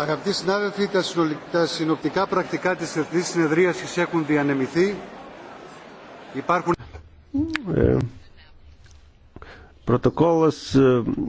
Αγαπητοί συνάδελφοι, τα συνοπτικά πρακτικά της Εθνής Συνεδρίασης έχουν διανεμηθεί. Υπάρχουν... Protokolas